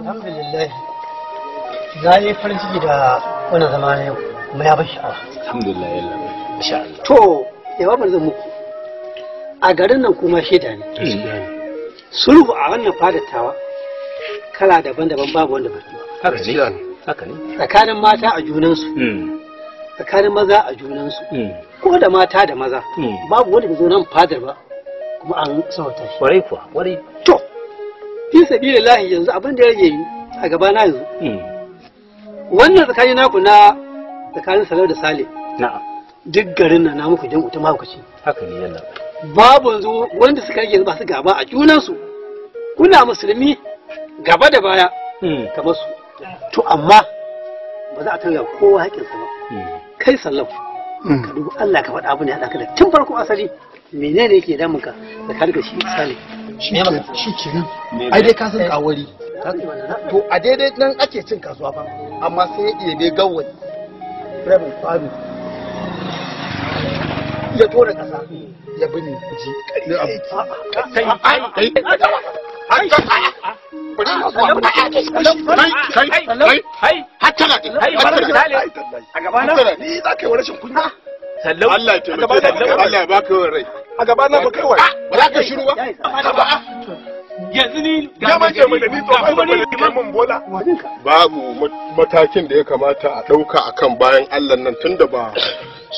alhamdulillah na yi farin ciki da wani zama na kuma ya bashi awa alhamdulillah yalla masha Allah to yawa bar zan muku a garin nan kuma shaida ne sulhu a wannan fadatawa kala daban-daban babu wanda bai haka ne haka ne tsakanin mata a junansu hmm. tsakanin maza a junansu hmm. ko da mata da maza hmm. babu wanda bai zo nan fadar ba kuma an sauta shi kwarai kuwa kwarai to fi lahi yanzu abin da ya rage a gaba na yanzu hmm. wannan tsakanin naku na tsakanin salau da sale duk garin na muku jan uta kuci haka ne yalla babu yanzu wanda suka ba masu gaba a junan su kuna musulmi gaba da baya hmm. kamar su to amma ba za a tanga kowa sa ba hmm. kai sallau ka dubi Allah ka faɗa abu ne haɗa ka da tun farko asali menene yake damunka da ka shi sale shi kenan ai dai ka san eh. kawari to a daidai nan ake cin kasuwa fa amma sai ya ɗebe gawar rabin faru ya tona ƙasa ya bini ji kai kai kai kai sallau Allah ya taimake ka Allah ya baka yawan rai a gaba na ba kai wai ah, ba za ka shiru ba yanzu ni ga ma ce mun da ni tsofa ba ne kai mun bola babu matakin da ya kamata a dauka akan bayan Allah nan tunda ba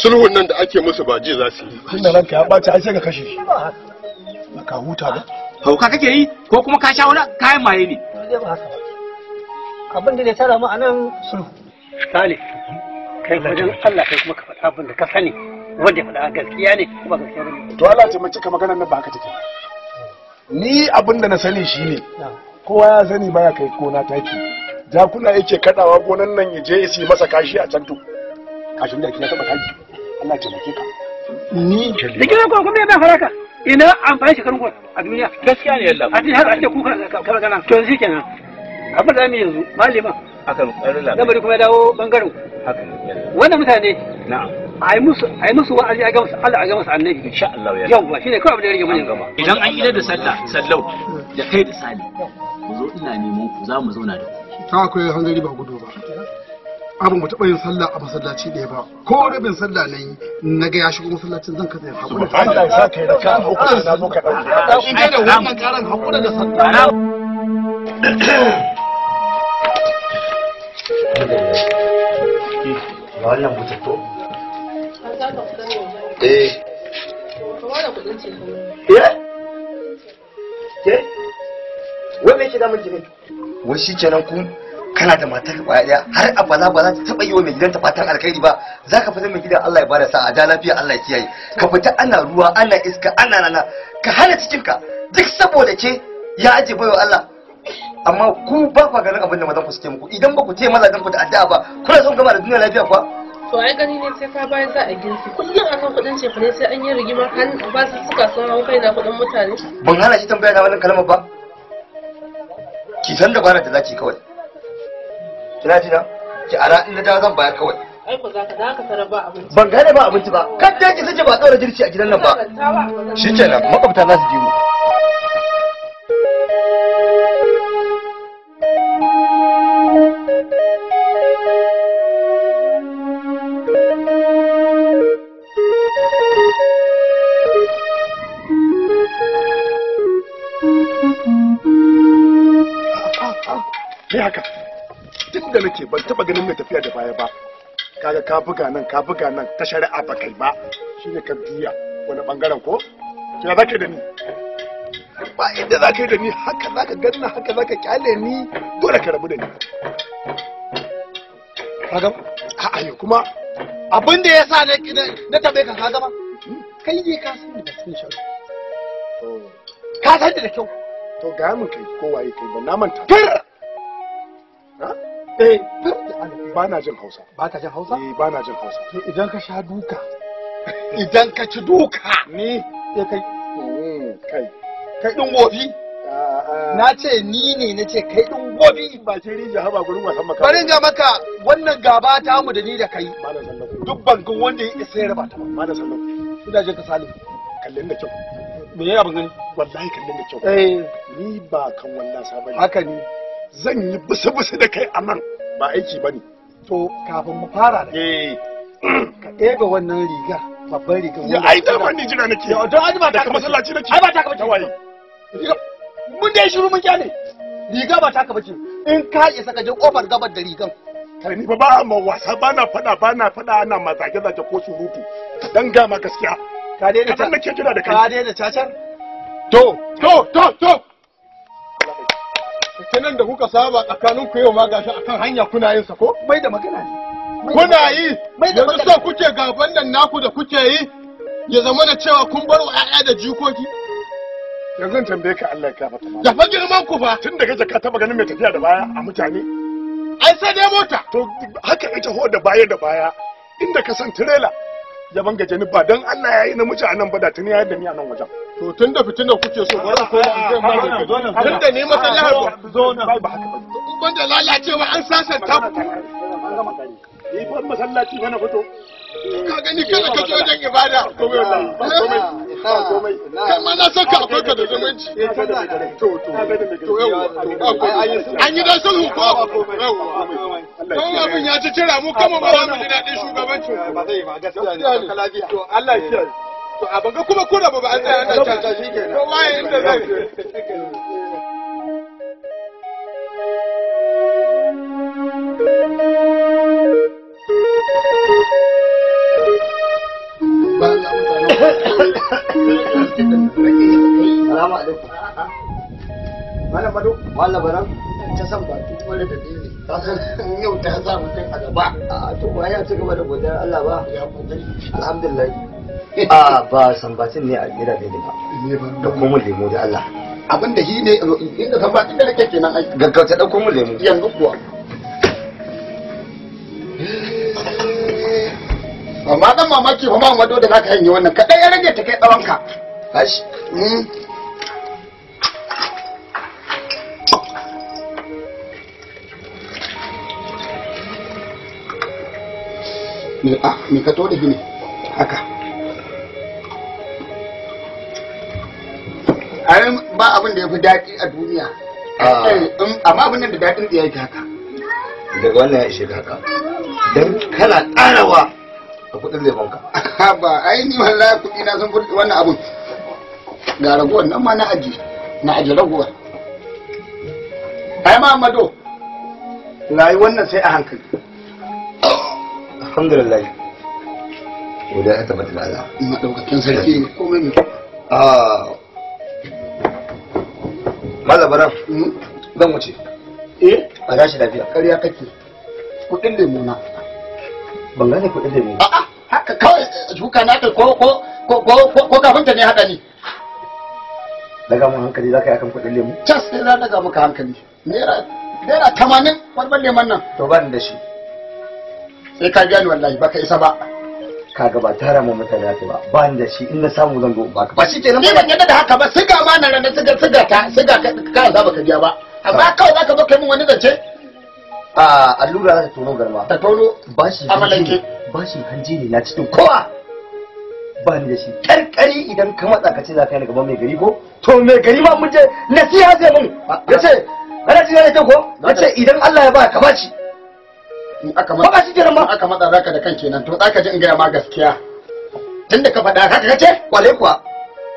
sulhun nan da ake musu ba ji za su yi tunda ranka ya bace ai sai ka kashe shi ba ka huta ba hauka kake yi ko kuma ka sha wani kayan maye ne abin da ya tara mu nan sulhu Salih kai wajen Allah kai kuma ka faɗa abin da ka sani wanda faɗa a gaskiya ne ko ba gaskiya bane to Allah ce mace ka magana nan ba haka take ni abin da na sani shine kowa ya sani baya kai na taki jakuna yake kadawa gonan nan ya je ya masa kashi a can to kashin da ya taba taki Allah ce mace ka ni da kina ko kuma yana faraka ina amfani shekarun gol a duniya gaskiya ne yalla a cikin har ake kuka kana kana to yanzu kenan abin da mu yanzu malima akan ƙarla lamari kuma ya dawo bangaren haka wannan mutane na'am ai musu ai musu wa'azi a ga musu Allah a ga musu annabi insha Allah ya yawa shine kawai abin da ya rage mana gaba idan an idar da sallah sallau da kai da sali ku zo ina neman ku za mu zauna da ku ta akwai hanzari ba gudu ba abin mu taɓa yin sallah a masallaci ɗaya ba ko rabin sallah na yi na ga ya shigo masallacin zan kasa ya haƙura Allah ya sa kai da ka haƙura da zo ka ɗauke in ga da wannan karan haƙura da sallah ga eh. eh? wai shi kenan ku kana da matar kwaya ɗaya har abada ba za ta taba yi wa mai gidanta fatan alkhairi ba za ka fita mai gidan Allah ya bada a da lafiya Allah ya kiyaye ka fita ana ruwa ana iska ana nana ka hana cikinka duk saboda ke ya aje baiwa Allah amma ku ba ku ganin abin da mazan ku suke muku idan ba ku ce mazajen ku da addu'a ba kuna son gama da duniya lafiya kuwa to ai gani ne sai ka bayar za a girki kullum akan kuɗin ce ne sai an yi rigima kan ba su suka sun hawa kai na kuɗin mutane ban hana shi tambaya na wannan kalmar ba ki san da bana da zaki kawai kina ji na ki ara in da zan bayar kawai Ai ba abinci. ban gane ba abinci ba kan ki sace ba tsora jirci a gidan nan ba shikenan makwabta za su ji mu kai haka tun da nake ban taba ganin mai tafiya da baya ba kaga ka buga nan ka buga nan ta shari'a ba kai ba shine ka duya wani bangaren ko kina zaka da ni ba inda zaka yi da ni haka zaka ganna haka zaka kyale ni dole ka rabu da ni kaga a'a yo kuma abin da yasa na na tabe ka kaga ba kai ne ka san da cikin shari'a ka san da kyau to ga mun kai kowa kai ba na manta Eh, ba na jin hausa ba ka jin hausa eh, ba na jin hausa to idan ka sha duka idan ka ci duka ni sai eh, hmm, kai kai kai din gobi na ce ni ne na ce kai ɗin gobi bakin rija haba gurin wasan maka barin ga maka wannan gaba ta mu da ni da kai duk bankin wanda ya isa ya raba ta ba da sallau ina jin ka salim kallin da kyau me ya abin gani wallahi kallin da kyau ni ba kan wallasa bane haka ne zan yi busu-busu da kai a nan ba aiki ba ne to kafin mu fara da eh. ka ɗebe wannan rigar babban rigar ya ai da ban jira nake ya don ai ba ta kama sallaci nake ai ba ta kama waye mun dai shiru mun kyale riga ba ta kama ce in ka isa saka je kofar gabar da rigan kai ni ba ba ma wasa ba na fada ba na fada ana ma zage zage ko surutu dan ga ma gaskiya ka daina ta ka dai da ka daina cacar to to to to nan da kuka saba tsakanin ku yau ma gashi akan hanya kuna yin sa ko bai da magana kuna yi yanzu so kuke gaban nan naku da kuke yi ya zama da cewa kun bar wa 'ya'ya da jikoki yanzu in tambaye ka Allah ya kafa ta da fa girman ku fa tun da jaka ka taba ganin mai tafiya da baya a mutane ai sai dai mota to haka ita ho da baya da baya inda ka san tirela ya banga jani ba dan Allah ya yi namiji a nan ba da tuni ya yadda ni a nan wajen to tun da kuke so bari ko ba tun da ni zo nan ban da lalacewa an ku ni ban masallaci na fito ka gani kana ka wajen ibada eh, ba komai kai ma na saka akwai ka da zumunci eh, to to to yawa an yi ya ci kira mu kama ba shugabancin ba zai ba gaskiya ne ka lafiya to Allah ya kiyaye to a banga kuma kuna ba an tsaya ana caca shi ke inda zai Salamu alaikum. Malam Bado, Malam Baran, ta san ba duk wani da dai ka san yau ta mutum a gaba. A to ba ya ci gaba da godiyar Allah ba. Ya kokari. Alhamdulillah. a ba sambatin ne a gida da ba da kuma lemo da Allah abin da shi ne inda sambatin da nake kenan ai gaggauta da kuma lemo yanzu kuwa amma dan mamaki fa ba mado da zaka hanye wannan kadai ya rage ta kai tsawon ka ashi hmm. me ah, me ka to da gini haka ba abin da ya fi daɗi a duniya ah. eh, um, amma abin da daɗin da ya fi haka daga wannan ya ishe haka don kana ƙarawa a kuɗin zai banka ba ai ni wallahi kuɗi na sun furta wannan abin ga ragowar nan ma na aji na aji ragowar ai ma'amado layi wannan sai a hankali alhamdulillah guda ya tabbatar da Allah ina ɗaukakin sarki komai mai Malabaran mm, zan wuce. Eh? A gashi lafiya. Ƙarya kake. Kuɗin lemu na. Ban gane kuɗin lemu. A'a haka kawai eh, shuka na kai ko ko ko ko ko kafinta ne haɗa ni. Daga mu hankali za ka yi akan kuɗin lemu? Cas sai na daga maka hankali. Naira naira tamanin warban leman nan. To ba ni da shi. Sai ka biya ni wallahi baka isa ba. kaga ba tara mu mutane ta ba ba ni da shi in na samu zan go baka ba shikenan ni ban yadda da haka ba siga ma na ranar siga siga ta siga ka ka za baka biya ba amma kawai zaka zo kai mun wani zance a allura za ta tono garma ta tono ba shi amalanke ba shi hanji ne na cikin kowa ba ni da shi karkari idan ka matsa ka ce za ka yi gaban mai gari ko to mai gari ma mun je nasiha zai mun ce kana ji ne ko ce idan Allah ya ba ka ba shi in aka matsa ba shi kenan ba aka matsa zaka da kan kenan to zaka ji in gaya ma gaskiya tunda ka faɗa haka kace kwale kuwa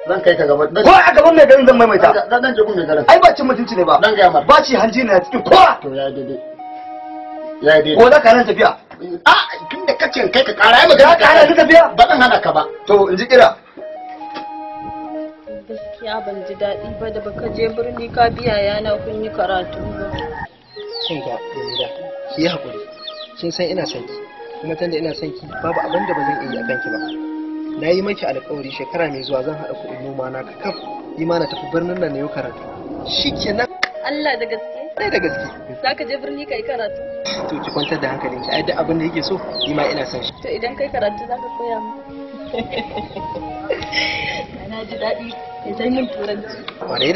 zan kai ka gaba ko a gaban mai garin zan maimaita dan je gun mai garin ai ba cin mutunci ne ba dan gaya mar ba ci hanji ne a cikin kowa to ya daidai ya daidai ko da ka nan tafiya a tunda kace in kai ka kara ai magana ka hana ni tafiya ba zan hana ka ba to in ji kira gaskiya ban ji daɗi ba da baka je birni ka biya yana kun yi karatu ba. Kin ga, ki hakuri. kin san ina son ki kuma tunda ina son ki babu abin da ba zan iya akan ki ba na yi maki alƙawari shekara mai zuwa zan haɗa kuɗin noma na kakaf yi na tafi birnin nan ne yau karatu shikenan Allah da gaske ɗaya da gaske za ka je birni ka yi karatu to ki kwantar da hankalinki ai duk abin da yake so ni ma ina son shi to idan kai karatu za ka koya mu na ji da san da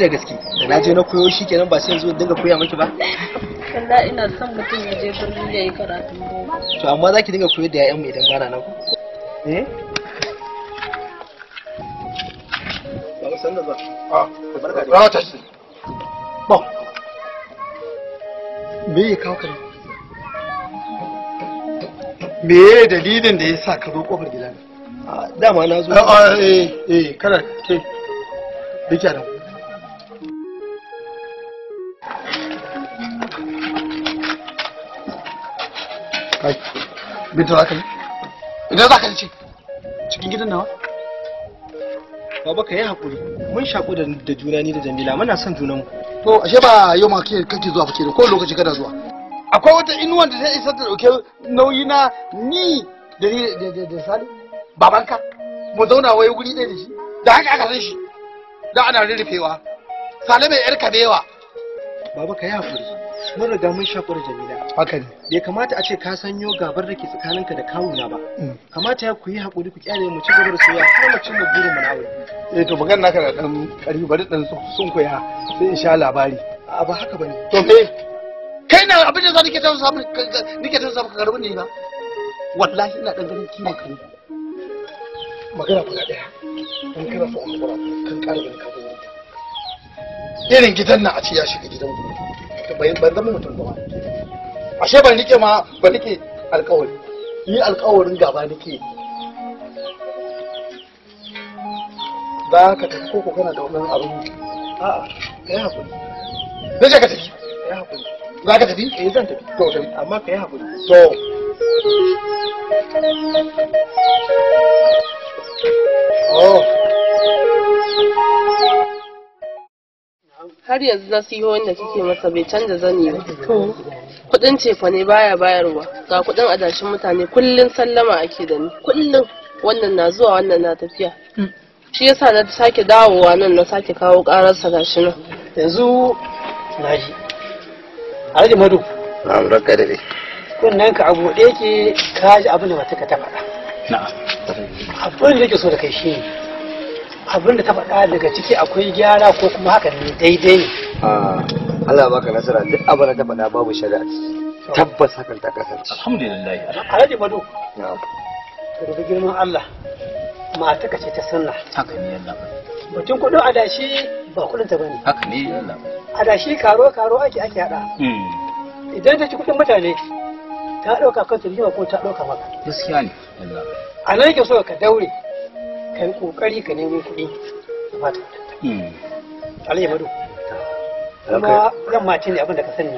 gaske da na je na koyo shi kenan ba sai yanzu dinga koya miki ba kalla ina son mutum ya je birni ya yi karatu to amma za ki dinga koyar da mu idan ba na nan eh me ya kawo kare me dalilin da ya sa ka zo kofar gidana dama na zo a ah, ah, eh eh kada ke biki da kai binta za ka yi? idan za ka ce cikin gidan nawa baba ka yi hakuri mun shaku da juna ni da jamila muna son junanmu to ashe ba yau ma kake zuwa fice da ko lokaci kana zuwa akwai wata inuwan da ta isa ta dauke nauyi na ni da da da sali babanka mu zauna wai guri ɗaya da shi da haka aka san shi da ana rurrufewa salama yar kabewa baba ka ya hakuri mun riga mun shakur jamila haka ne bai kamata a ce ka sanyo gabar da ke tsakaninka da kawuna ba mm. kamata ya ku yi hakuri ku kyale mu ci gaba da soyayya kuma mu cin mu burin mu na wuri eh to magana naka da dan ƙarfi bari dan sun koya sai in sha labari a ba haka bane to me kai na abin da za nake ta samu nike ta samu ka garbi ne ba wallahi ina dan ganin kiwon kai magana guda ɗaya don kana so in kura kan ƙara ganin kago irin gidan nan a ce ya shiga gidan ku ban zama mutum ba ashe ban rike ma ba rike alƙawari ni alƙawarin gaba nake za ka tafi ko ko kana da wannan abin a'a kai hakuri zai ka tafi kai hakuri za ka tafi eh zan tafi to tafi amma kai hakuri to Thank you. har yanzu nasihohin da kike masa bai canza zani ba kudin cefa ne baya bayarwa ga kudin adashin mutane kullun sallama ake da ni kullun wannan na zuwa wannan na tafiya mm. shi yasa na sake dawowa nan na sake kawo kararsa gashi nan yanzu naji alhaji madu Na barka da kunnen ka abu da yake ka ji abin da ba ta ka ta faɗa na'am abin da yake so da kai shi ne abin da ta faɗa daga ciki akwai gyara ko kuma haka ne daidai ne ah, Allah baka nasara duk abin da ta faɗa babu shari'a tabbas hakan ta kasance alhamdulillah alhaji bado ka rubi girman Allah mata ka ce ta sunna haka ne Allah. batun kudu adashi ba kudin ta bane haka ne Allah. adashi karo karo ake ake hada hmm. idan ta ci kudin mutane ta dauka kanta ne ko ta dauka maka gaskiya ne Allah. a nan yake so ka daure ka yi kokari ka nemo kuɗi ka fata hmm. madu kuma zan mace ne abin da ka sani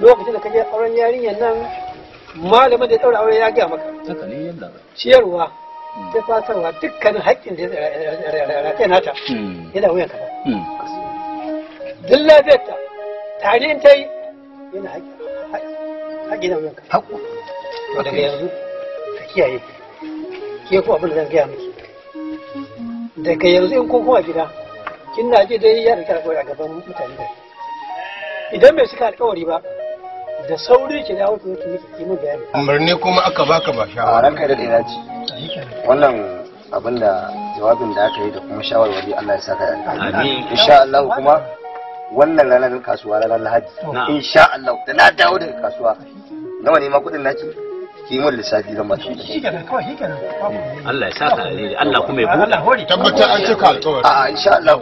lokacin da ka je auren yarinyar nan malamin da ya tsaura auren ya gaya maka ciyarwa hmm. ta fasarwa dukkanin haƙƙin da ya rataye nata hmm. yana wuyan ka duk ta, tare ta yi yana haƙƙi na wuyan ka daga yanzu ka kiyaye ke ko abin da zan gaya miki daga yanzu in kun kuma gida kin na ji dai ya rika alƙawari a gaban mutane da idan bai cika alƙawari ba da sauri ki dawo ki mutu miki kimin bayani umarni kuma aka baka ba shawara ranka da dai ci wannan abin da jawabin da aka yi da kuma shawarwari Allah ya saka yanka insha Allah kuma wannan ranar kasuwa ranar Lahadi insha Allah da na dawo daga kasuwa nawa ne ma kudin naki yi lissafi zan mata shi kawai shi Allah ya Allah kuma ya an cika a insha Allah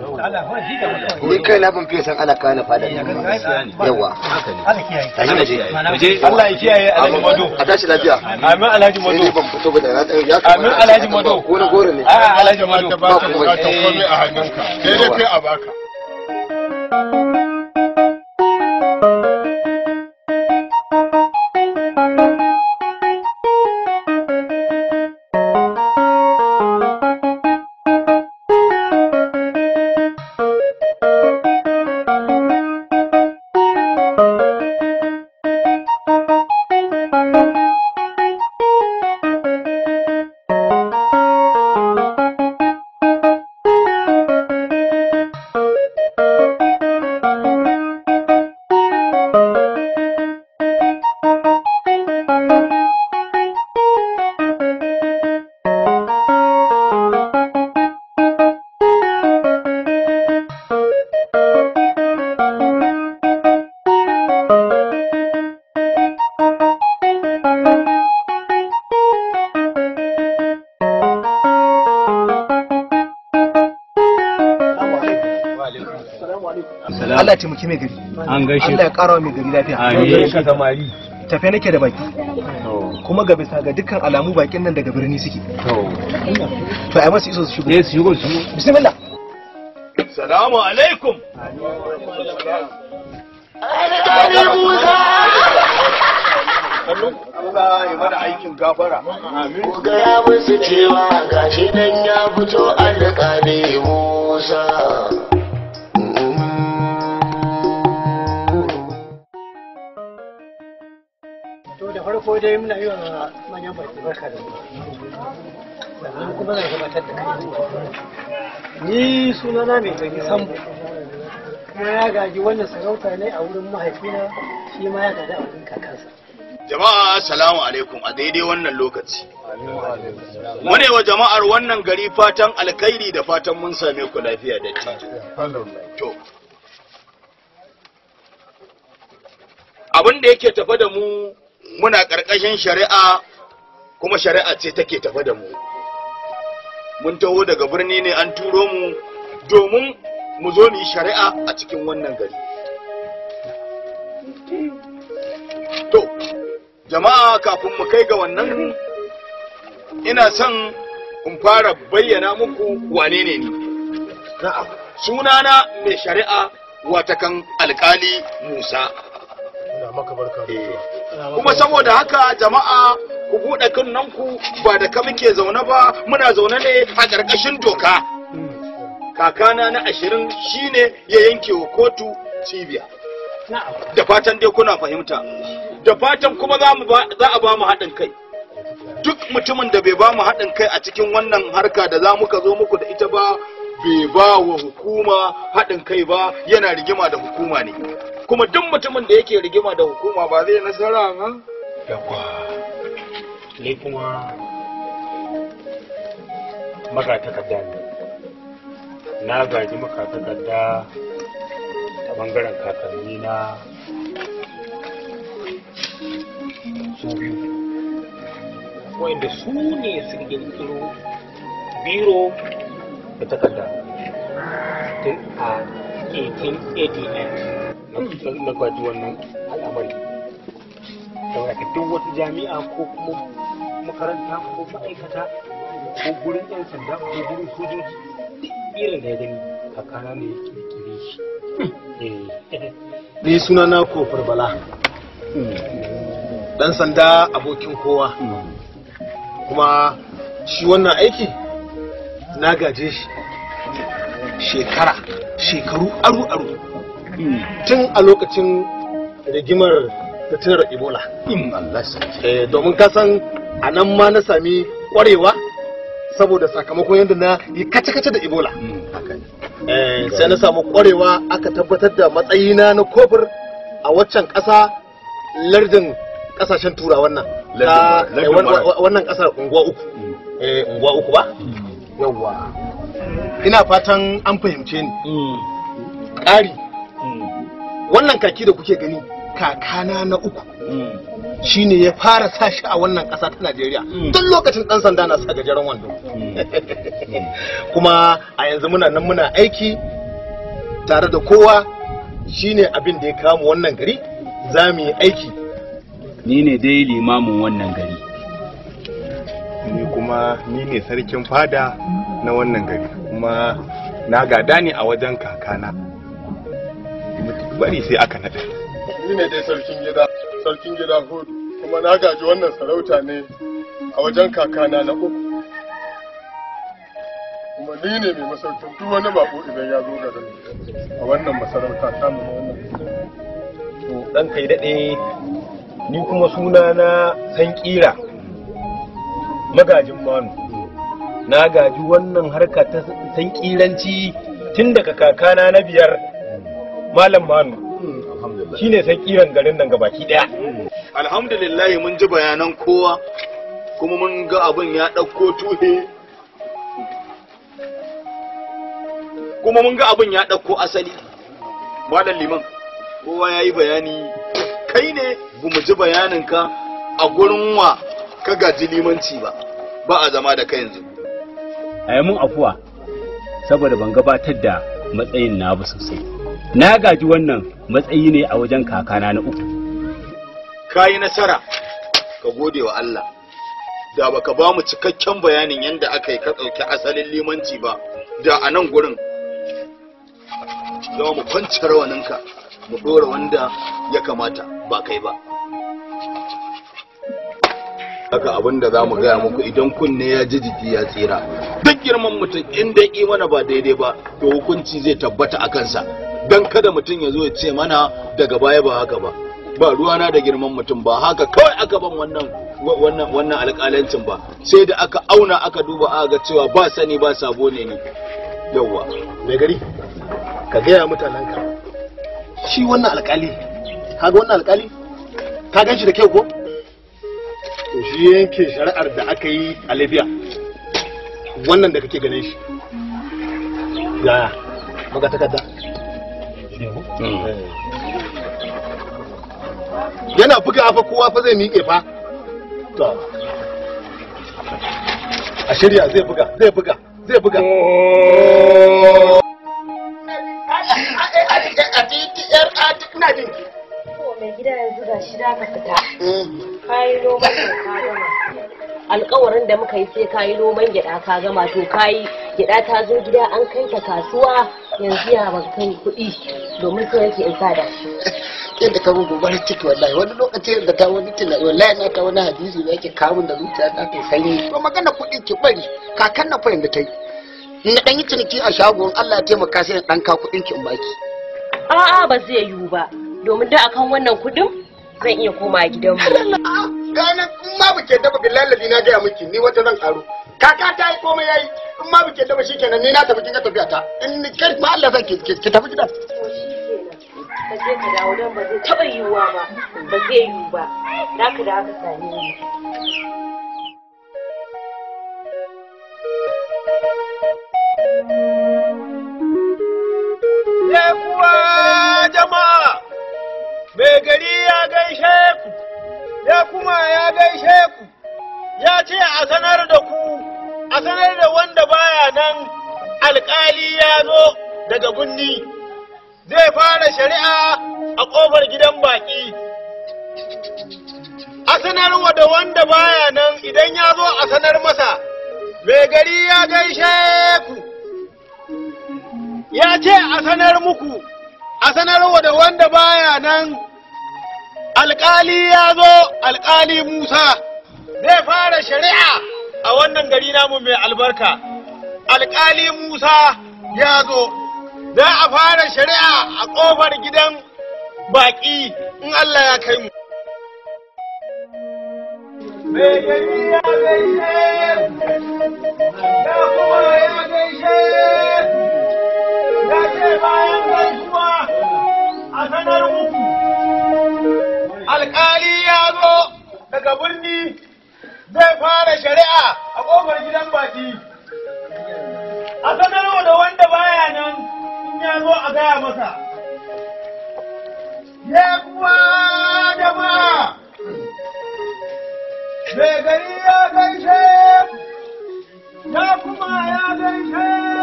ni kai na ban fiye san ana na fada yawa Allah kiyaye Allah kiyaye Alhaji Mado a tashi lafiya amin Alhaji Mado ban fito ba da na amin Alhaji Mado ko na gore ne a Alhaji Mado ba ka komai a hannunka dai kai a baka thank you Allah ya taimaki mai gari Allah ya karawa mai gari lafiya amin tafe nake da baki kuma ga bisa ga dukkan alamu bakin nan daga birni suke to ai masu iso su shigo eh, su shigo su bismillah salamu alaikum Allah ya mana aikin gafara. Ku gaya musu cewa gashi nan ya fito alƙali Musa. farko dai muna yi wa manyan baki barka da sannan kuma na gabatar da kai ni sunana mai gari sambo kuma ya gaji wannan sarauta ne a wurin mahaifina shi ma ya gaji a wurin kakansa jama'a salamu alaikum a daidai wannan lokaci mune wa jama'ar wannan gari fatan alkhairi da fatan mun same ku lafiya da to abin da yake tafe da mu muna ƙarƙashin shari'a kuma shari'a ce take tafa da mu mun taho daga birni ne an turo mu domin mu zo ni shari'a a cikin wannan gari to jama'a kafin mu kai ga wannan ina son in fara bayyana muku wane ne ni sunana mai shari'a watakan alkali musa Eh, kuma saboda haka jama'a ku buɗe ku ba da ka muke zaune ba muna zaune ne a ƙarƙashin doka kakana na ashirin shine ya yanke wa kotu cibiya da fatan dai kuna fahimta da fatan kuma za a ba mu haɗin kai duk mutumin da bai ba mu haɗin kai a cikin wannan harka da za muka zo muku da ita ba bai ba wa hukuma haɗin kai ba yana rigima da hukuma ne kuma duk mutumin da yake rigima da hukuma ba zai nasara ba yawa ni kuma maka takarda ne na gaji maka takarda ta bangaren kakanni na su biyu wanda su ne sun kirkiro biro da takarda tun a 1888. na kwaji wannan al'amari duk wata jami'a ko kuma makaranta ko ma'aikata ko gurin yan sanda ko gurin sojoji irin da ya gani ne kirkire shi eh. suna na kofar bala dan sanda abokin kowa kuma shi wannan aiki na gaje shi shekara shekaru aru-aru tun a lokacin rigimar fitinar ebola eh, domin kasan a nan ma na sami kwarewa saboda sakamakon yadda na yi kace-kace da ebola mm, eh, sai na samu kwarewa aka tabbatar da matsayina na kofur a waccan ƙasa lardin ƙasashen tura wannan wannan ƙasar unguwa uku mm. eh, unguwa uku ba mm. yawwa ina fatan an fahimce ni ƙari wannan kaki da kuke gani kakana na uku hmm. shine ya fara sa shi a wannan ƙasa ta Najeriya tun hmm. lokacin ɗan sanda na sa gajeren wando hmm. kuma a yanzu muna nan muna aiki tare da kowa shine abin da ya kama wannan gari za mu yi aiki ni ne dai limamin wannan gari ni kuma ni ne sarkin fada na wannan gari kuma na gada ne a wajen kakana bari sai aka naɗa. Ni ne dai sarkin gida, sarkin gida hudu, kuma na gaji wannan sarauta ne a wajen kakana na uku. Kuma ni ne mai masaukin duk wani bako idan ya zo garin a wannan masarauta ta mu wannan. To ɗan kai daɗe ni kuma suna na san ƙira magajin manu. Na gaji wannan harka ta san ƙiranci tun daga kakana na biyar malam manu hmm. shi ne sai kiran garin nan gabaki daya hmm. alhamdulillah mun ji bayanan kowa kuma mun ga abin ya ɗauko tuhe kuma mun ga abin ya ɗauko asali malam liman kowa ya yi bayani kai ne ba mu ji bayaninka a gurin wa ka gaji limanci ba ba a zama da kai yanzu a mun afuwa saboda ban gabatar da matsayin na ba sosai na gaji wannan matsayi ne a wajen kakana na uku ka yi nasara ka gode wa Allah da baka ba mu cikakken bayanin yadda aka yi ka ɗauki asalin limanci ba da a nan gurin zama mu kwanci rawaninka mu ɗora wanda ya kamata ba kai ba haka abin da za mu gaya muku idan kunne ya ji jiki ya tsira duk girman mutum inda imana ba daidai ba to hukunci zai tabbata a kansa don kada mutum ya zo ya ce mana daga baya ba haka ba ba ruwana da girman mutum ba haka kawai aka ban wannan wannan wannan alƙalancin ba sai da aka auna aka duba aka ga cewa ba sani ba sabo ne ne yawwa mai gari ka gaya mutanen ka shi wannan alƙali kaga wannan alƙali ka gan shi da kyau ko to shi yanke shari'ar da aka yi a Libya wannan da kake ganin shi ga magatakarda yana buga fa kowa fa zai miƙe fa to a shirya zai buga zai buga zai buga mai gida yanzu ga shi da ka fita kai hmm. lokacin ka alkawarin da muka yi sai ka yi noman gyaɗa ka gama to ka yi gyaɗa ta zo gida an kai ta kasuwa yanzu ya ban kai kuɗi domin so yake in sada shi sai da kawo gobe ciki wallahi wani lokaci da ta wani tunani wallahi na ta wani hadisi da yake kawo da zuciya ta kai sanyi ko magana kuɗi ki bari kakan na fahimta ta yi na ɗan yi ciniki a shagon Allah ya taimaka sai ɗan ka kuɗin ki in baki a'a ba zai yiwu ba domin da akan wannan kuɗin zan iya koma gidanmu ranar in ma buke dafa billahi na gaya miki ni wata zan karu kaka ta yi komai yayi in ma buke dafa shikenan ni na tafi kinga tafiya ta in ni kai ma Allah zan ki tafi gidan ba zai ka dawo dan ba zai taba yiwuwa ba ba zai yiwu ba na ka da haka same ni Yakuwa jama'a, mai gari ya gaishe ku. ya kuma ya gaishe ku ya ce a sanar da ku a sanar da wanda baya nan alkali ya zo daga gunni zai fara shari'a a ƙofar gidan baƙi a sanarwa da wanda baya nan idan ya zo a sanar masa mai gari ya gaishe ku ya ce a sanar muku a sanarwa da wanda baya nan alƙali ya zo alƙali musa zai fara shari'a a wannan gari namu mai albarka alƙali musa ya zo za a fara shari'a a ƙofar gidan baƙi in allah ya kai mu ya ce bayan gaisuwa a sanar mu alkali ya zo daga birni zai fara shari'a a ƙofar gidan baki a sanarwa da wanda baya nan in ya zo a gaya masa ya kuwa ba mai gari ya gaishe ta kuma ya gaishe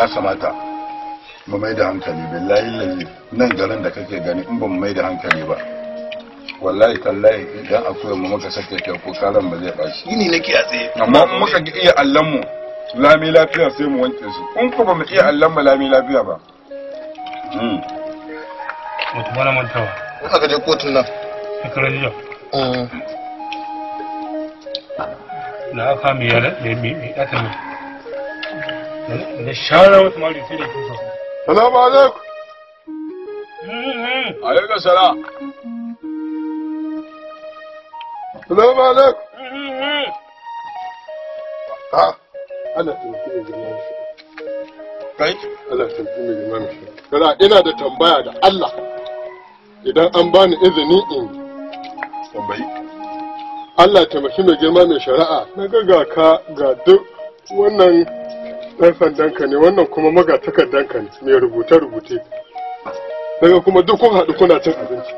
ya kamata mu mai da hankali billahi lalle nan garin da kake gani in ba mu mai da hankali ba wallahi tallahi idan akwai mu muka sake kyau ko karan ba zai shi ni nake a tsaye amma in muka iya allan mu lami lafiya sai mu wanke su in ku ba mu iya allan mu lami lafiya ba tuma na mantawa ko ka je kotun nan shekarar jiya na aka mai yada mai yada mi salamu eh, eh. alaikum salam salamu alaikum eh, ha ana ina da tambaya da Allah idan an bani izini in tambayi Allah taimaki mai girma mai shari'a na ga ka ga duk wannan ɗan sandanka ne wannan kuma magatakardanka ne mai rubuta-rubuta. daga kuma duk kun haɗu kuna cin abinci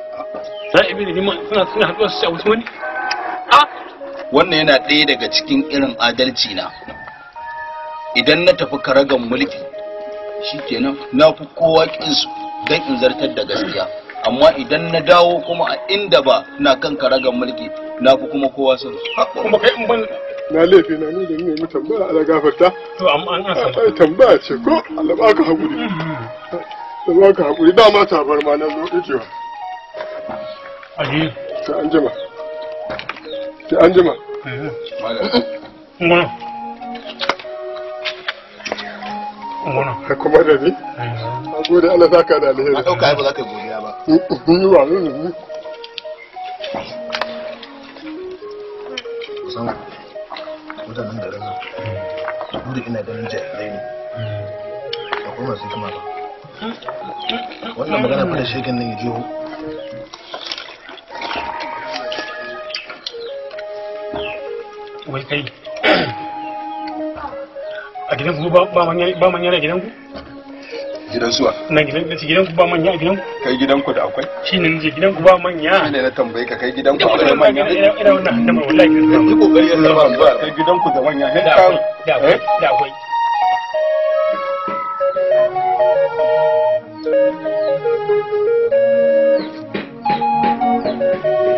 sai da himma suna suna haɗuwa su ci abinci wani ah! wannan yana ɗaya daga cikin irin adalci na idan na tafi karagan mulki shikenan na fi kowa ƙin su don in zartar da gaskiya amma idan na dawo kuma a inda ba na kan karagan mulki na fi kuma kowa sun kuma kai in ban na laifi na ni da ni mu tambaya ala gafarta to amma an asa tambaya ce ko Allah baka hakuri mm, mm. Allah baka hakuri ta bar ma na zo dakewa aje ta anjima ta anjima ngona eh. ngona ka kuma da ni eh. a gode Allah saka da alheri a dauka ba za ka godiya ba ni ba ni mutanen garin nan da guri ina ganin jahilai ne da kuma masu hikima ba wannan magana fa da shegen nan ya jiho wai kai a gidan ku ba manya ne gidan ku gidan suwa nan gidan da gidan ku ba manya gidan ku kai gidan ku da akwai shine ne gidan ku ba manya shine na tambaye ka kai gidan ku da manya ina wannan annaba wallahi yanzu kokari ya zama ba kai gidan ku da manya da akwai da akwai Thank eh? you.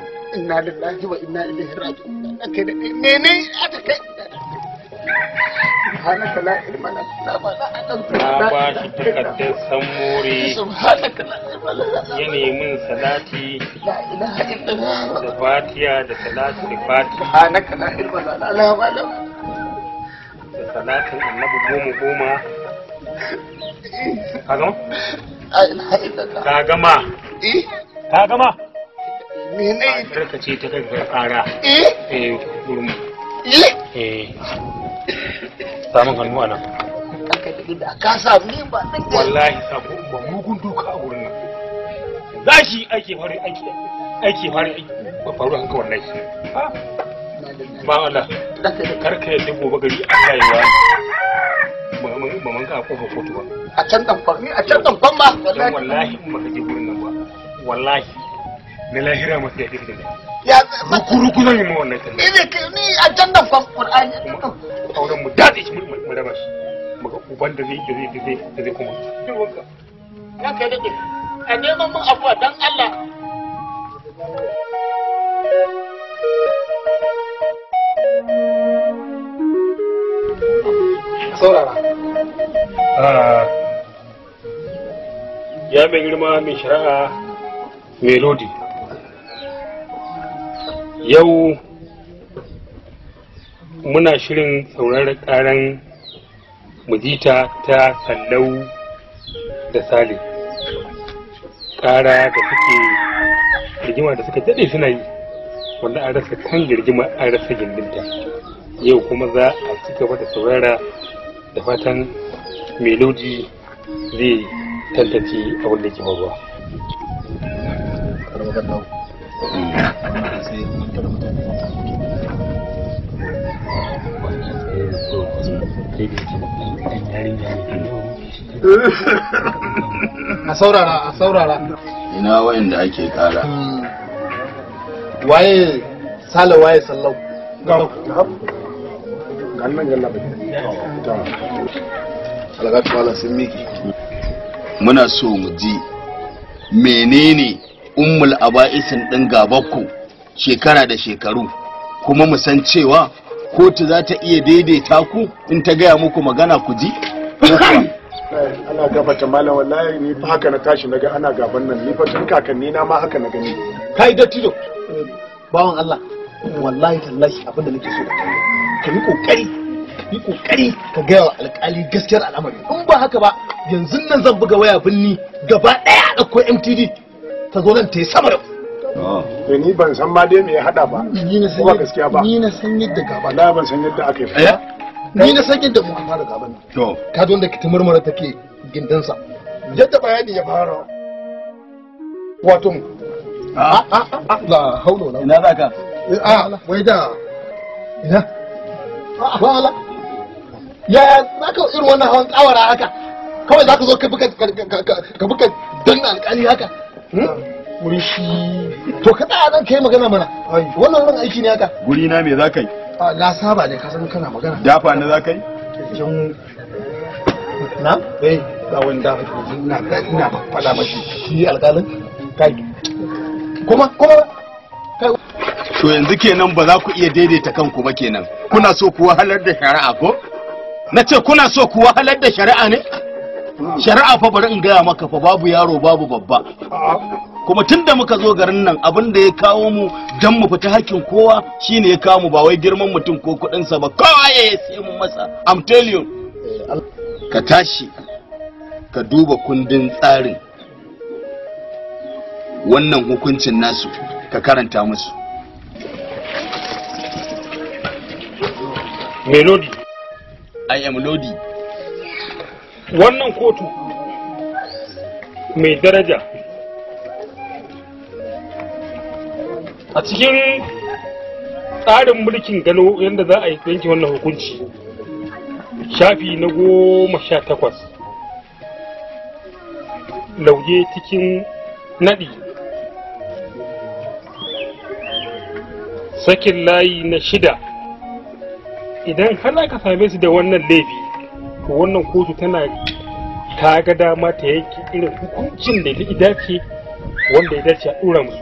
inna lillahi wa inna ilaihi raji'un kai da ne ne kai subhanaka la ilma lana na ba takardar samure subhanaka la ilma ya nemi salati da fatiha da salati da fatiha da salatin annabi goma goma ka gama ka gama eh? me ne tarkace ta kai kara eh eh eh hannu anan aka da ka sa ni ba wallahi ba duka a gurin nan gashi ake fari fari ba faru wallahi ba karka ba man ka kofa ba a can dan a can dan ba wallahi je gurin nan ba wallahi na lahira masu da ya ruku ruku zan yi ma wannan ne ke ni auren mu shi shi uban da zai da zai da zai da zai kuma kai a neman mun a Allah saurara ah. ya mai girma mai shari'a melodi yau muna shirin sauraron karan mujita ta sallau da sale kara da suke rigima da suka daɗe suna yi wanda an rasa kan girgima an rasa gindinta yau kuma za a ci gaba da saurara da fatan melodi zai tantance a wanda ke a saurara a saurara ina wayan da ake kara hmm. waye sale waye sallau sun miki muna so mu ji menene ummul aba'isin din gabakku shekara da shekaru kuma mu san cewa kotu za ta iya daidaita ku in ta gaya muku magana ku ji ana gabata malam wallahi ni fa haka na tashi naga ana gaban nan ni fa tun kakanni na ma haka na gani kai da tido bawan Allah wallahi tallahi abin da nake so da kai yi kokari yi kokari ka gaya wa alkali gaskiyar al'amari in ba haka ba yanzu nan zan buga waya binni gaba daya akwai MTD ta zo nan ta yi sama da to eh, ni ban san ma dai me ya hada ba kuma mm, gaskiya ba ni na san yadda gaba na ban san yadda aka yi eh? ni na san yadda mu an fara gaba ne to ka don da ki murmura take gindinsa yadda bayani ya fara wato a a a la haulo la ina zaka. Eh, a ah, wai da ina ba ala ya za ka irin wannan hawan tsawara haka kawai za ka zo ka buka ka buka danna alƙali haka hmm? wurin shi to ka tsaya nan kai magana mana wannan wurin aiki ne haka guri na me zaka yi na saba ka kasan kana magana dafa ne zaka yi na eh ba wani dafa na ina fada mashi shi alƙalin kai kuma kuma kai to yanzu kenan ba za ku iya daidaita kanku ba kenan kuna so ku wahalar da shari'a ko na ce kuna so ku wahalar da shari'a ne shari'a fa bari in gaya maka fa babu yaro babu babba kuma tun da muka zo garin nan abin da ya kawo mu dan mu fita hakkin kowa shine ya kawo mu ba wai girman mutum ko kuɗin sa ba kowa ya sai mu masa am ka tashi ka duba kundin tsarin wannan hukuncin nasu ka karanta musu melody i am lodi wannan kotu mai daraja a cikin tsarin mulkin gano yadda za a yi yanke wannan hukunci shafi na goma sha takwas lauye cikin naɗi sakin layi na shida idan har aka same su da wannan laifi to wannan kotu tana ta ga dama ta yanke irin hukuncin da ya dace wanda ya dace a ɗora musu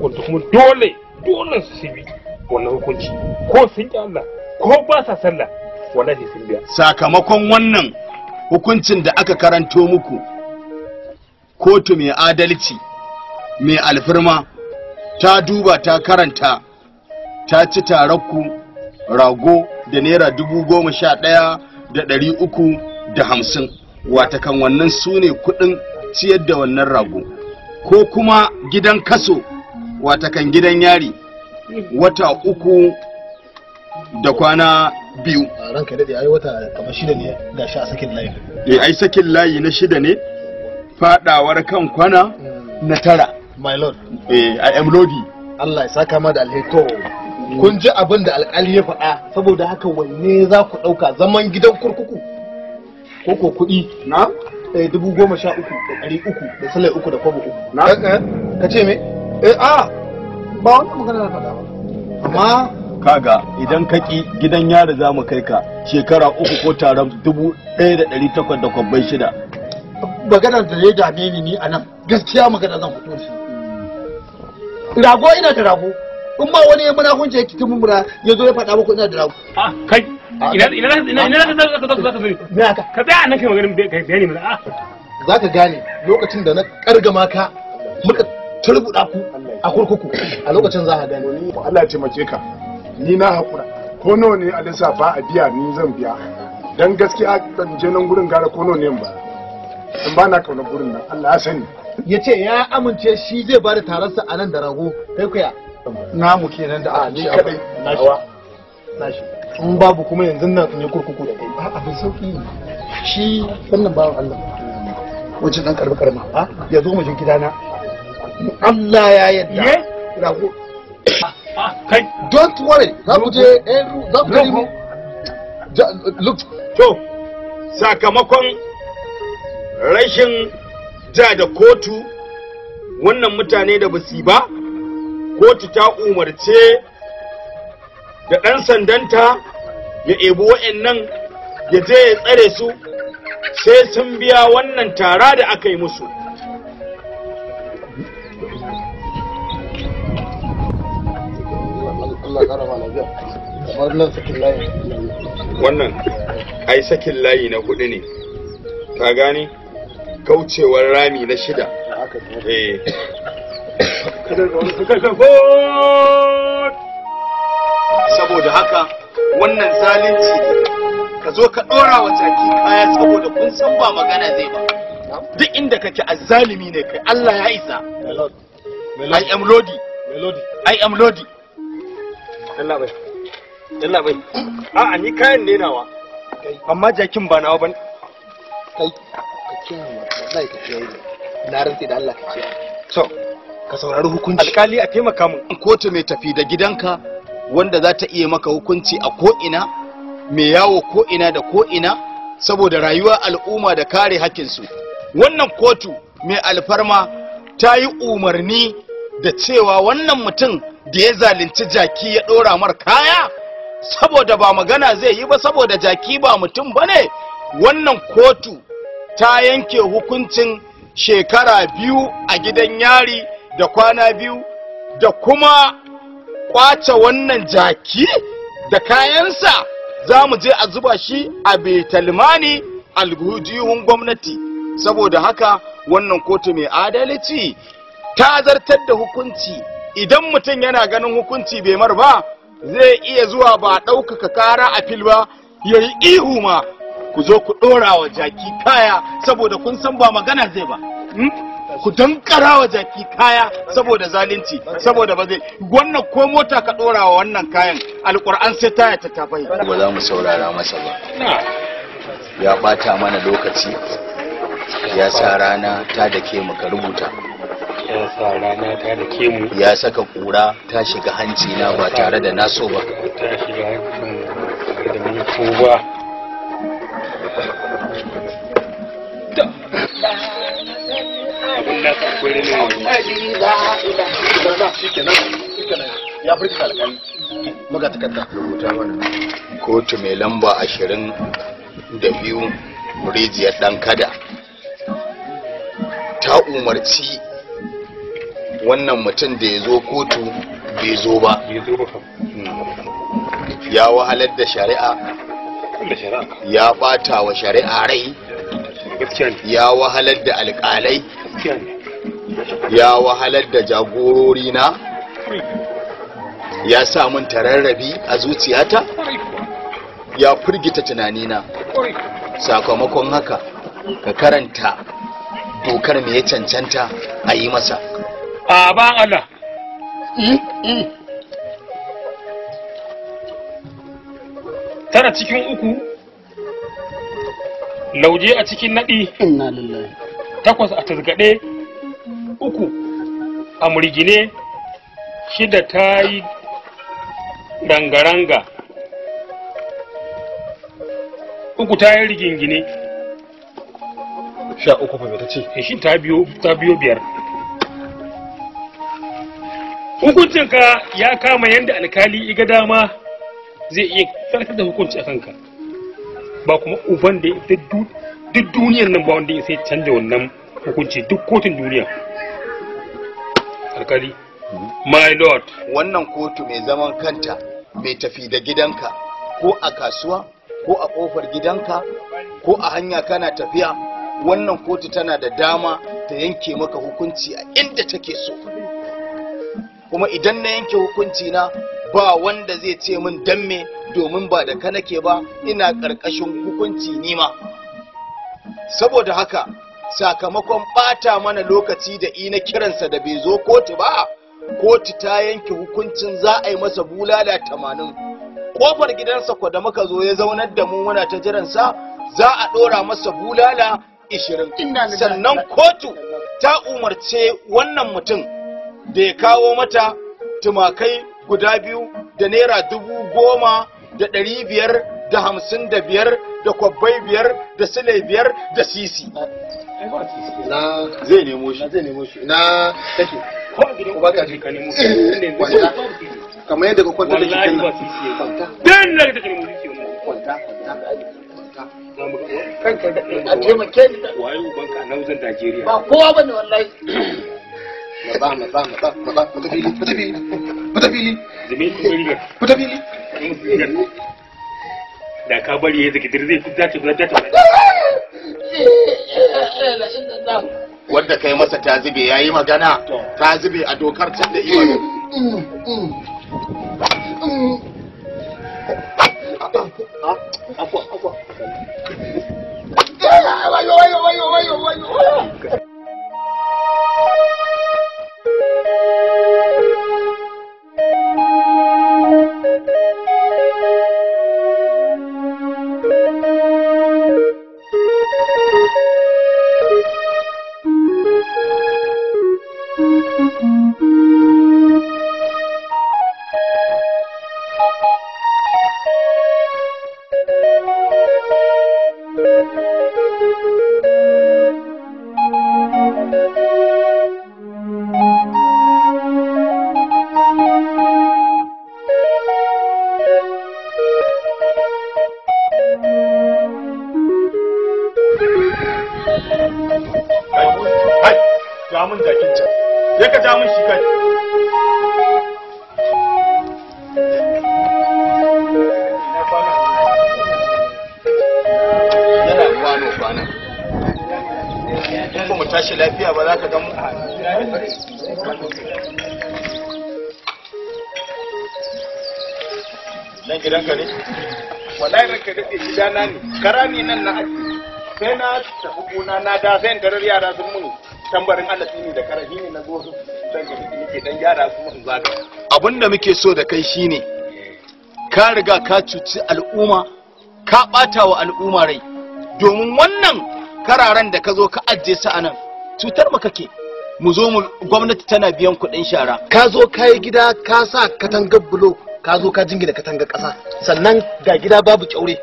wanda kuma dole dole su bi wannan hukunci ko sun ƙi Allah ko ba sa sallah wallahi sun biya sakamakon wannan hukuncin da aka karanto muku kotu mai adalci mai alfirma ta duba ta karanta ta ci tarakku rago da naira dubu goma sha ɗaya da ɗari uku da hamsin watakan wannan su ne kuɗin ciyar da wannan rago ko kuma gidan kaso watakan gidan yari wata uku da kwana biyu ranka daɗe ai wata kamar shida ne ga sha sakin layi eh, ai sakin layi na shida ne fadawar kan kwana mm. na tara my lord eh i am lodi Allah ya saka ma da alheri kun ji abin da alkali ya faɗa saboda haka wanne za ku ɗauka zaman gidan kurkuku ko ko kuɗi na eh, dubu goma sha uku da ɗari uku da salai uku da kwabu uku na ka ce me eh a ba wani magana na faɗa ba amma kaga idan kaki gidan yari za mu kai ka shekara uku ko taron dubu ɗaya da ɗari takwas da kwabban shida maganar da ya dame ni ni a nan gaskiya magana zan fito shi rago ina da rago in ba wani ya munafunci ya kiti mura ya zo ya faɗa muku ina da rago a ah, kai ah. ina ina ina za ka za ka zai Ka haka ka tsaya nan shi maganin kai bayani mana a ah. za ka gane lokacin da na kargama ka muka turbuda ku a kurkuku a lokacin za ka gane Allah ya taimake ka ni na haƙura. ko nawa ne a lissafa a biya ni zan biya dan gaskiya ban je nan gurin gara ko nawa ne ba in ba na kauna gurin nan Allah ya sani ya ce ya amince shi zai ba da taronsa a nan da rago kai kuya namu kenan da a ni kadai nashi in babu kuma yanzu nan tunye yi kurkuku da kai a bin sauki shi wannan bawan Allah wajen dan karbi karma a ya zo gida gidana Allah ya yadda rago ah, kai don't worry za ku je eh, za ku je look to sakamakon rashin ja da kotu wannan mutane da basiba? ba kotu ta umarce da ɗan sandanta ya ebo wa'annan ya je ya tsare su sai sun biya wannan tara da aka yi musu wannan ai sakin layi na kudi ne Ta gane kaucewar rami na shida saboda haka wannan zalunci ka zo ka ɗora wa jaki kaya saboda kun san ba magana zai ba duk inda kake azzalimi ne kai Allah ya isa I am Lodi I am Lodi Allah bai Allah bai a'a ni kayan ne nawa amma jakin ba nawa bane kai kake kiyaye wallahi kake yi na rantsi da Allah kake so ka saurari hukunci alkali a taimaka mun kotu mai tafi da gidanka wanda za ta iya maka hukunci a ko ina mai yawo ko ina da ko ina saboda rayuwar al'umma da kare su. wannan kotu mai alfarma ta yi umarni da cewa wannan mutum da ya zalunci jaki ya ɗora mar kaya saboda ba magana zai yi ba saboda jaki ba mutum ba ne wannan kotu ta yanke hukuncin shekara biyu a gidan yari da kwana biyu da kuma kwace wannan jaki da kayansa za mu je a zuba shi a betalmani alhujihun gwamnati saboda haka wannan kotu mai adalci ta zartar da hukunci idan mutum yana ganin hukunci bai mar ba zai iya zuwa ba ɗaukaka kara a fil ba ya yi ihu ma ku zo ku ɗora wa jaki kaya saboda kun san ba magana zai ba hmm? ku dankara wa jaki kaya saboda zalunci saboda ba zai wannan ko mota ka dora wa wannan kayan alquran sai taya ta tafai ba za mu saurara masa ba ya bata mana lokaci ya sa rana ta da ke ka rubuta ya saka kura ta shiga hanci na ba tare da naso ba ta shiga hanci ba da ba kotu mai lamba ashirin da biyu rijiyar ɗan kada ta umarci wannan mutum da ya zo kotu bai zo ba ya wahalar da shari'a ya bata wa shari'a rai ya wahalar da alƙalai ya wahalar da jagorori na ya sa mun tararrabi a zuciyata ya firgita tunanina sakamakon haka ka karanta dokar mai cancanta a yi masa a ban Allah hmm, hmm. tara cikin uku lauje a cikin naɗi takwas a tasgade. uku a murgine shida ta yi rangaranga uku ta yi rigingine sha uku fa ta ce eh, shi ta biyo ta biyo biyar hukuncinka ya kama yadda alkali iga dama zai iya tsarkar da hukunci a kanka ba kuma uban da duk duniyar nan ba wanda ya sai canja wannan hukunci duk kotun duniya my lord wannan kotu mai zaman kanta mai tafi da gidanka ko a kasuwa ko a ƙofar gidanka ko a hanya kana tafiya wannan kotu tana da dama ta yanke maka hukunci a inda take so kuma idan na yanke hukunci na ba wanda zai ce min dan domin ba da ka nake ba ina ƙarƙashin hukunci nima saboda haka sakamakon bata mana lokaci da ina kiransa da bai zo kotu ba kotu ta yanke hukuncin za a yi masa bulala tamanin kofar gidansa ko da muka zo ya zaunar da mu muna ta jiransa za a ɗora masa bulala ishirin sannan kotu ta umarce wannan mutum da ya kawo mata tumakai guda biyu da naira dubu goma da ɗari biyar da hamsin da biyar da kwabbai biyar da sile biyar da sisi na zai nemo shi na take ko a gidan ba ka nemo eh, kwanta kamar yadda ka kwanta da cikin nan dan na da nemo shi kwanta kwanta da a taimake ni nan zan Najeriya ba kowa bane wallahi fili fili fili da ka bari ya zikidir zai fi zata zata ta wanda kai masa ta zube ya yi magana ta zube a dokar can da iya Akwa, yara sai in tarar yara sun mun tambarin Allah shine da karafi ne na dan su dan nake dan yara zaga abinda muke so da kai shine ka riga ka cuci al'umma ka bata wa al'umma rai domin wannan kararen da ka zo ka ajje su anan cutar mu kake mu zo mu gwamnati tana biyan kuɗin shara ka zo ka yi gida ka sa katangar bulo ka zo ka jingina katangar ƙasa sannan ga gida babu kyaure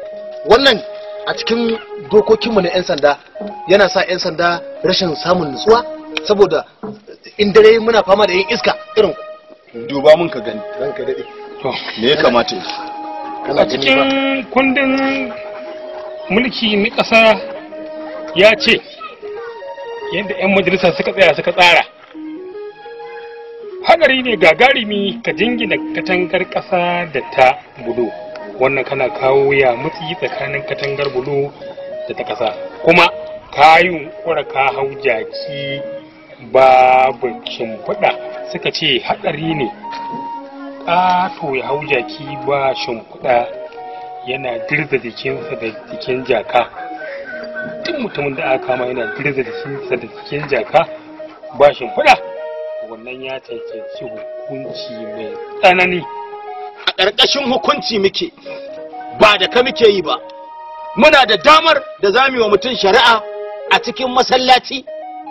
wannan a cikin dokokinmu na 'yan sanda yana sa 'yan sanda rashin samun nutsuwa saboda in dare muna fama da yin iska irin duba mun ka gani ranka dade to me ya kamata a cikin kundin mulki na ƙasa ya ce yadda 'yan majalisa suka tsaya suka tsara haɗari ne gagarumi ka jingina katangar ƙasa da ta budo wannan kana kawo ya mutsi tsakanin katangar bulo da ta ƙasa kuma kayun kura ka hau jaki babu shimfiɗa suka ce haɗari ne ƙato ya hau jaki ba shimfiɗa yana girza jikinsa da jikin jaka duk mutumin da aka kama yana girza jikinsa da jikin jaka ba shimfiɗa wannan ya cancanci hukunci mai tsanani a ƙarƙashin hukunci muke ba da ka muke yi ba muna da damar da za mu yi wa mutum shari'a a cikin masallaci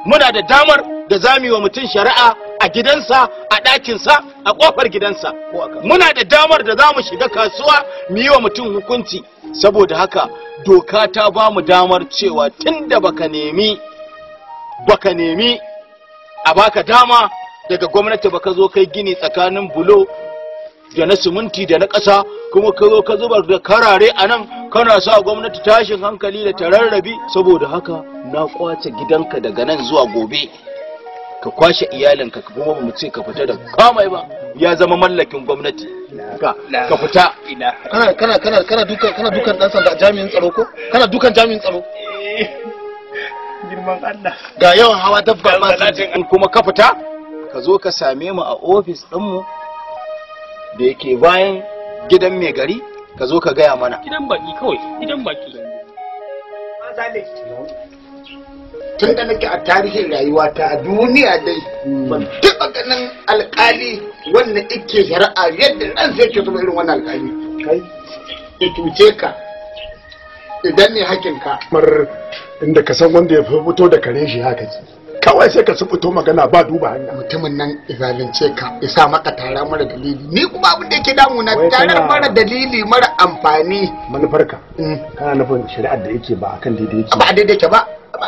muna da damar da za mu yi wa mutum shari'a a gidansa a ɗakinsa a ƙofar gidansa muna da damar da za mu shiga kasuwa mu yi wa mutum hukunci saboda haka doka ta ba mu damar cewa tun da baka nemi baka nemi a baka dama daga gwamnati baka zo kai gini tsakanin bulo da na siminti da na ƙasa kuma ka zo ka zubar da karare a nan kana sa gwamnati tashin hankali da tararrabi saboda haka na kwace gidanka daga nan zuwa gobe ka kwashe iyalinka ka kuma mu ce ka fita da kamai ba ya zama mallakin gwamnati ka fita kana kana kana kana dukan kana dukan dan sanda jami'in tsaro ko kana dukan jami'in tsaro eh, girman Allah ga yawan hawa dabba ba kuma ka fita ka zo ka same mu a ofis ɗinmu da yake bayan gidan mai gari ka zo ka gaya mana gidan baki kawai gidan baki tun da nake a tarihin rayuwata, a duniya dai ban taɓa ganin alƙali wanda ike shari'a yadda ɗan sai ke zuba irin wani alƙali kai ya cuce ka idan ne hakinka mar inda ka san wanda ya fi fito da kare shi haka ce kawai sai ka subuto magana ba duba hanya mutumin nan izalince ka isa maka tara mara dalili ni kuma abin da yake damu na tara mara dalili mara amfani manufarka mm. kana nufin shari'ar da yake ba akan daidai yake ba daidai yake ba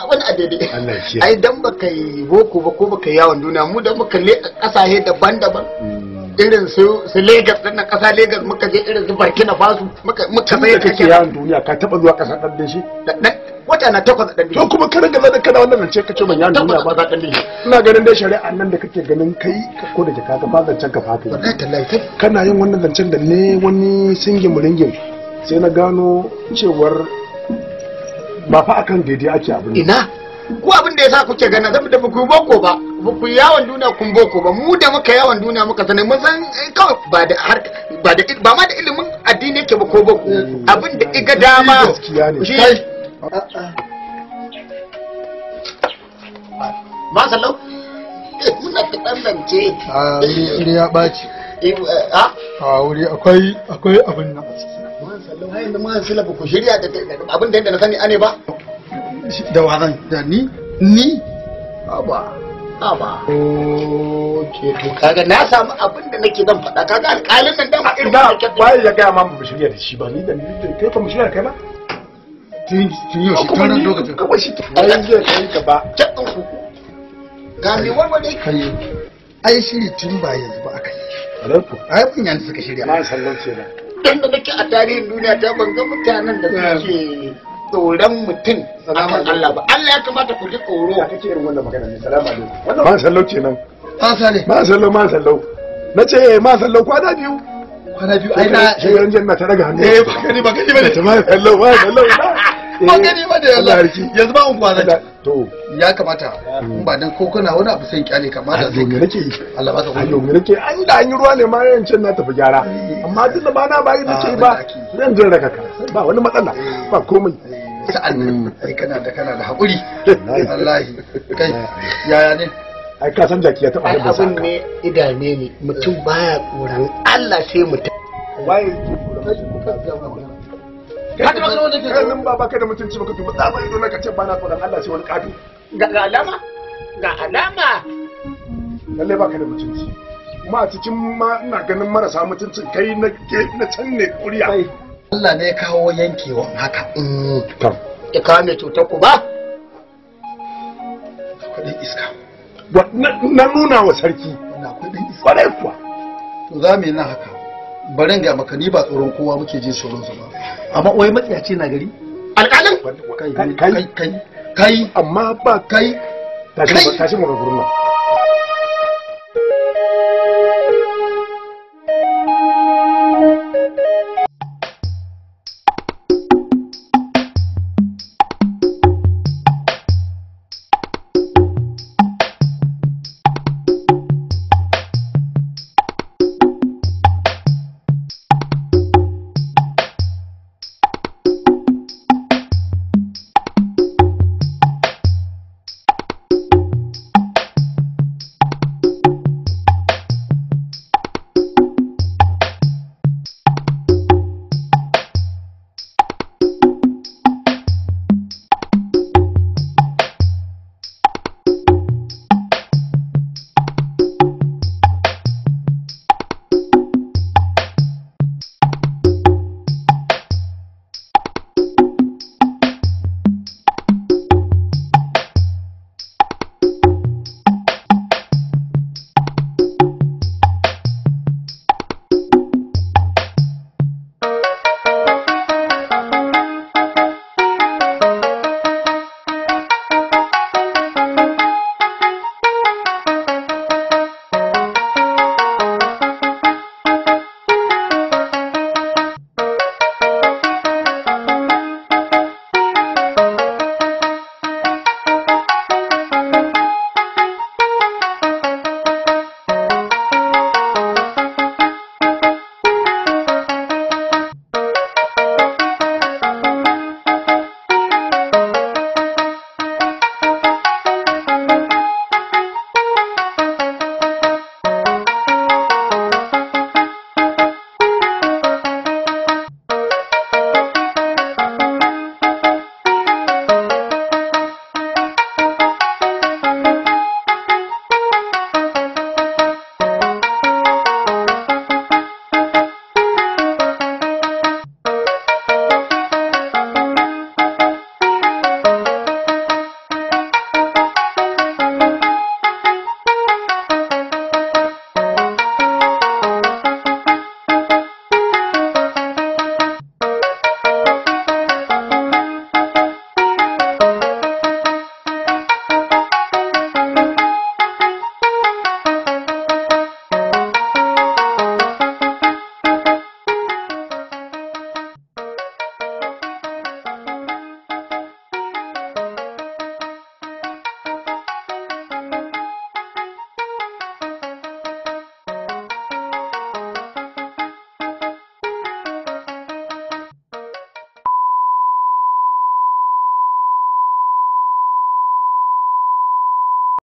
wani a daidai ai dan baka yi boko ba ko baka yawon duniya mu da muka le kasashe daban-daban mm. irin su su Lagos din nan kasa Lagos muka je irin su Burkina Faso muka muka sai kake yawon duniya ka taba zuwa kasar dan shi wata na takwas dan to kuma ka ringa zaka kana wannan rance kace man ya nuna ba za dan dinki ina ganin dai shari'a nan da kake ganin kai ko da jaka ka fara can ka fata wallahi tallahi kana yin wannan zancen da ne wani singin muringin sai na gano cewar ba fa akan daidai ake abin ina ko abin da yasa kuke gana zan da ku boko ba ku yawon duniya kun boko ba mu da muka yawon duniya muka sani mun san eh, kawai ba da har ba da ba ma da ilimin addini yake ba ko boko eh. abin da iga dama shi ma sallau muna fi ɗan zance a wuri ya ɓaci eh, a ah? ah, wuri akwai akwai abin nan a ciki ma sallau har da ma ku shirya da abin da na sani ane ba da wazan da ni ni ba ba ke to kaga na samu abin da nake zan faɗa kaga alƙalin nan dama irin da ba ya ga ma ba shirya da shi ba ni da ni kai ka mu shirya kai ba tun yau shi tun lokacin kuma shi tun zai kai gaba kyakkun ku ga me warware kai ai shiri tun ba yanzu ba aka yi ai kun yanzu suka shirya na sallan ce da dan da nake a tarihin duniya ta ban ga mutanen da suke tsoron mutum salamu Allah ba Allah ya kamata ku ji tsoro a kake irin wannan magana ne salamu alaikum wannan ma sallau kenan ma sallau ma sallau na ce eh, ma sallau kwana biyu kwana biyu ai na shekaran janna ta daga hannu eh ba gani ba gani ba ne tuma kallo ba kallo ba gani ba da yalla yanzu ba unguwa zan to ya kamata in ba dan ko kana wani abu sai kyale kamata sai ka rike Allah ba ka kuma yo rike an da an yi ruwa ne ma yan can na tafi gyara eh. amma duk da ba na ba da ce ah, ba zan jin raka ka ba wani matsala eh. ba komai sa'an nan kai kana da kana da haƙuri wallahi kai yaya ne ai ka san jaki ya taba da sa ne idame ne mutum baya koran Allah sai mutum waye ka ta magana wanda ke tsoron baba ka da mutunci baka tuba tsaba ido na ka ce bana koran Allah sai wani kado ga alama ga alama lalle baka da mutunci ma cikin ma ina ganin marasa mutunci kai na na can ne kuriya Allah ne ya kawo yankewa haka Ka kawo mai cutar ku ba kuɗin iska na nuna wa sarki kwarai kuwa to za mu yi na haka barin ga maka ni ba tsoron kowa muke jin tsoron su ba amma wai matsiyaci na gari alƙalin kai kai kai amma ba kai tashi mu ga gurin